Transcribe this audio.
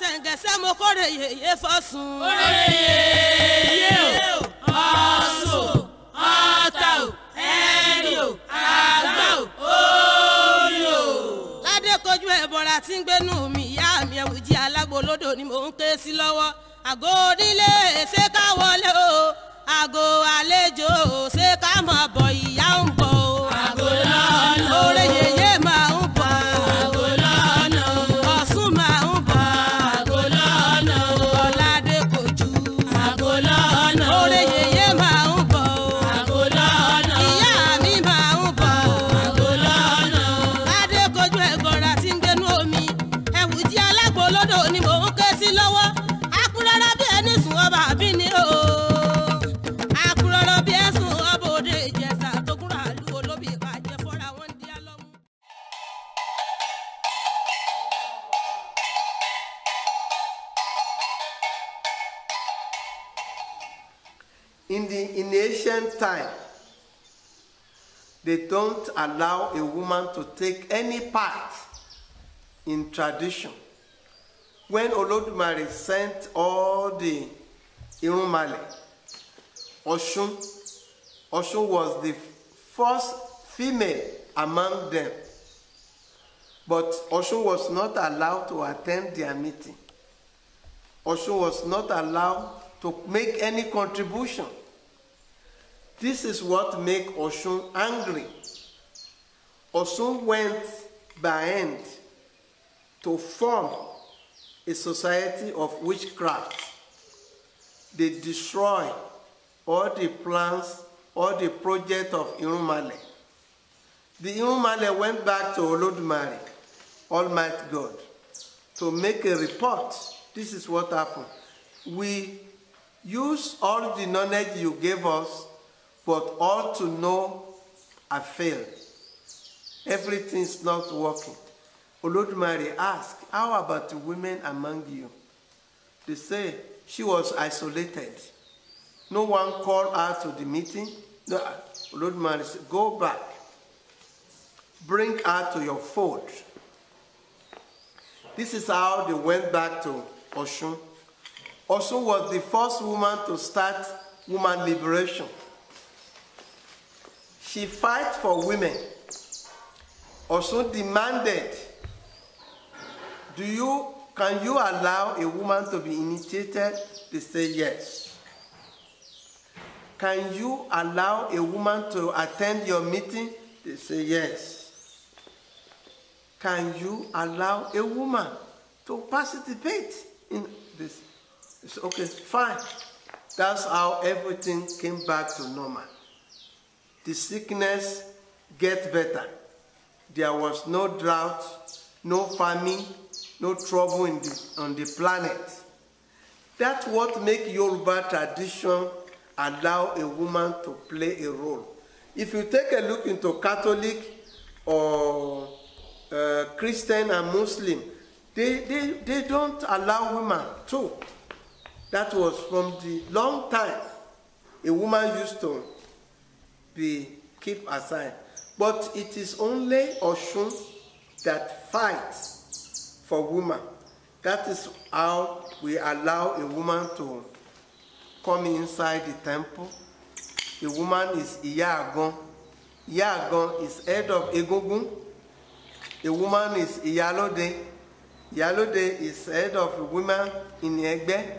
ṣẹ̀ǹgẹ̀sẹ̀ mo kórè yèyé fọ́sùn. kórè yèyé o ọ̀sùn ọ̀tà o ẹ̀rì o àgbà o orí o. ládé kojú ẹ̀bọ̀ra tí ń gbénú mi ìyá mi ẹ̀wùjí alágbolódò ni mò ń ké sí lọ́wọ́. àgọ́ onílé ṣé ká wọlé o àgọ́ àlejò ṣé ká máa bọ̀ ìyá. In the in ancient time, they don't allow a woman to take any part in tradition. When Olodumare sent all the Irumale, Oshun, Oshun was the first female among them. But Oshun was not allowed to attend their meeting. Oshun was not allowed to make any contribution. This is what make Oshun angry. Oshun went by hand to form a society of witchcraft. They destroy all the plans, all the project of Irumale. The Irumale went back to Olodumare, Almighty God, to make a report. This is what happened. We Use all the knowledge you gave us, but all to know I failed. Everything's not working. Mary asked, How about the women among you? They say she was isolated. No one called her to the meeting. No, Mary said, Go back. Bring her to your fold. This is how they went back to Oshun also was the first woman to start woman liberation. She fought for women, also demanded, do you, can you allow a woman to be initiated? They say yes. Can you allow a woman to attend your meeting? They say yes. Can you allow a woman to participate in this? It's okay, fine. That's how everything came back to normal. The sickness get better. There was no drought, no famine, no trouble in the, on the planet. That's what make Yoruba tradition allow a woman to play a role. If you take a look into Catholic or uh, Christian and Muslim, they, they, they don't allow women too. That was from the long time a woman used to be keep aside. But it is only Oshun that fights for woman. That is how we allow a woman to come inside the temple. The woman is Iyagon. Iyagon is head of Egungun. The woman is Iyalode. Iyalode is head of women in Egbe.